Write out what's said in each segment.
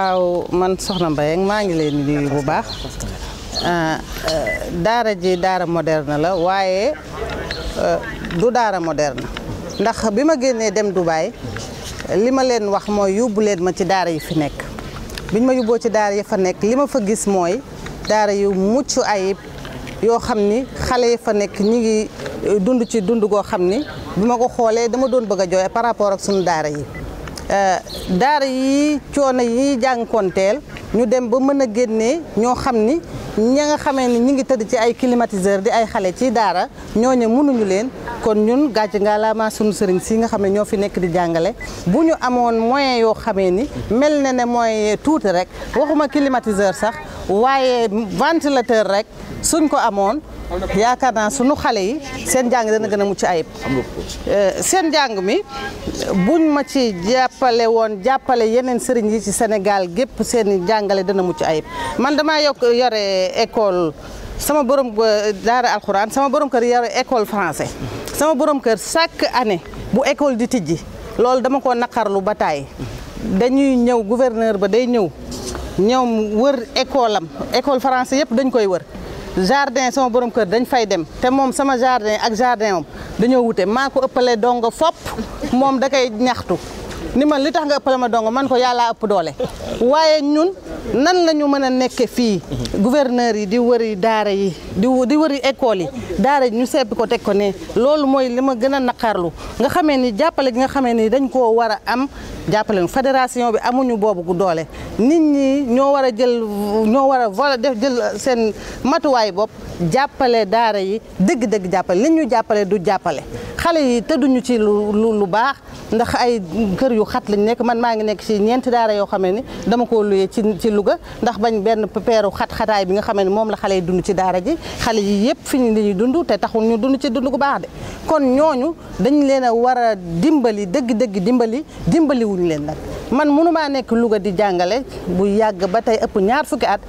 waaw man soxna Mbayang maa ngi leen di nuyu bu baax ah, ah, daara ji daara moderne la waaye ah, du daara moderne ndax bi ma génnee dem du baay li ma leen wax mooy yóbbu leen ma ci daara yi fi nekk biñ ma yóbboo ci daara yi fa nekk li ma fa gis mooy daara yu mucc ayib yoo xam ni xale yi fa nekk ñi ngi eh, dund ci dund goo xam ni bi ma ko xoolee dama doon bëgg a jooy par rapport ak suñu daara yi Euh, daara yi coono yi jànkonteel ñu dem ba mën a génnee ñoo xam ni ña nga xamee ni ñi ngi tëdd ci ay climatiseur di ay xale ci daara ñooñe mënuñu leen kon ñun gàcc nga laa ma sunu sëriñ si nga xam ne ñoo fi nekk di jàngale bu ñu amoon moyen yoo xamee ni mel na ne moyen tuuti rek waxuma climatiseur sax waaye ventilateur rek suñ ko amoon yaakaar naa suñu xale yi seen jàng dana gën a mucc ayib eh, seen njàng mi buñ ma ci jàppale woon jàppale yeneen sëriñ yi ci Sénégal gépp seen jàngale dana mucc ayib man damaa yokk yore école sama borom eh, daar alxuraan sama borom kër yore école français sama borom kër chaque année bu école di tijji loolu dama ko naqarlu ba taay dañuy ñëw gouverneur ba day ñëw ñoom wër école am école français yëpp dañ koy wër jardin sama borom kër dañ fay dem te moom sama jardin ak jardin am dañoo wute maa ko ëppale dongo fopp moom da koy ñaxtu ni man li tax nga ëppale ma dongo man ko yàllaa ëpp doole waaye ñun nan la ñu mën a nekke fii gouverneur yi di wëri daara yi di di wëri école yi daara yi ñu seppi ko teg ko ne loolu mooy li ma gën a naqarlu nga xamee ni jàppale gi nga xamee ni dañ koo war a am jàppale fédération bi amuñu boobu gu doole nit ñi ñoo war a jël ñoo war a vol def jël seen matuwaay bopp jàppale daara yi dëgg-dëgg jàppale li ñu jàppale du jàppale xale yi tëdduñu ci lu lu baax ndax ay kër yu xat lañu nekk man maa ngi nekk ci ñeenti daara yoo xamee ni dama ko luyee ci ci Louga ndax bañ benn peeru xat-xataay bi nga xamee ni moom la xale yi dund ci daara ji xale yi yëpp fi ñu dañuy dund te taxul ñu dund ci dund gu baax de kon ñooñu dañ leen a war a dimbali dëgg-dëgg dimbali dimbaliwuñ leen nag man mënumaa nekk Louga di jàngale bu yàgg ba tey ëpp ñaar fukki at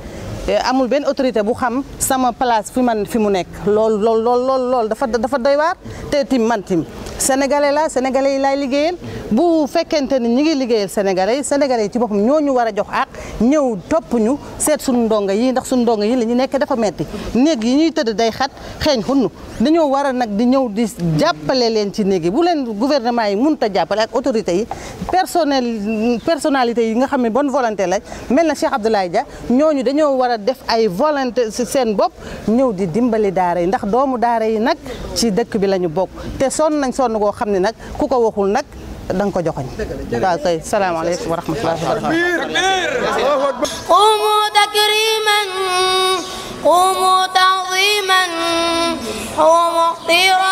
eh, amul benn autorité bu xam sama place fi man fi mu nekk lool lool lool dafa dafa doy waar te tiim man tim sénégalais la sénégalais yi laay liggéeyal bu fekkente ni ñi ngi liggéeyal sénégalais yi sénégalais yi ci boppam ñoo ñu war a jox ak ñëw topp ñu seet suñu ndongo yi ndax suñu ndongo yi la ñu nekk dafa metti néeg yi ñuy tëdd day xat xeeñ xunn dañoo war a nag di ñëw di jàppale leen ci néeg yi bu leen gouvernement yi mënut a jàppale ak autorités yi personnel personnalité yi nga xam ne bon volonté la mel na Cheikh Abdoulaye Dia ñooñu dañoo war a def ay volonté seen bopp ñëw di dimbali daara yi ndax doomu daara yi nag ci dëkk bi la ñu bokk te sonn nañ sonn koo xam ne nag ku ko waxul nag da nga ko joxoñ waaw kay salaamaaleykum wa rahmatullahi wa barakatuh qumu takriman qumu ta'ziman qumu ihtiraman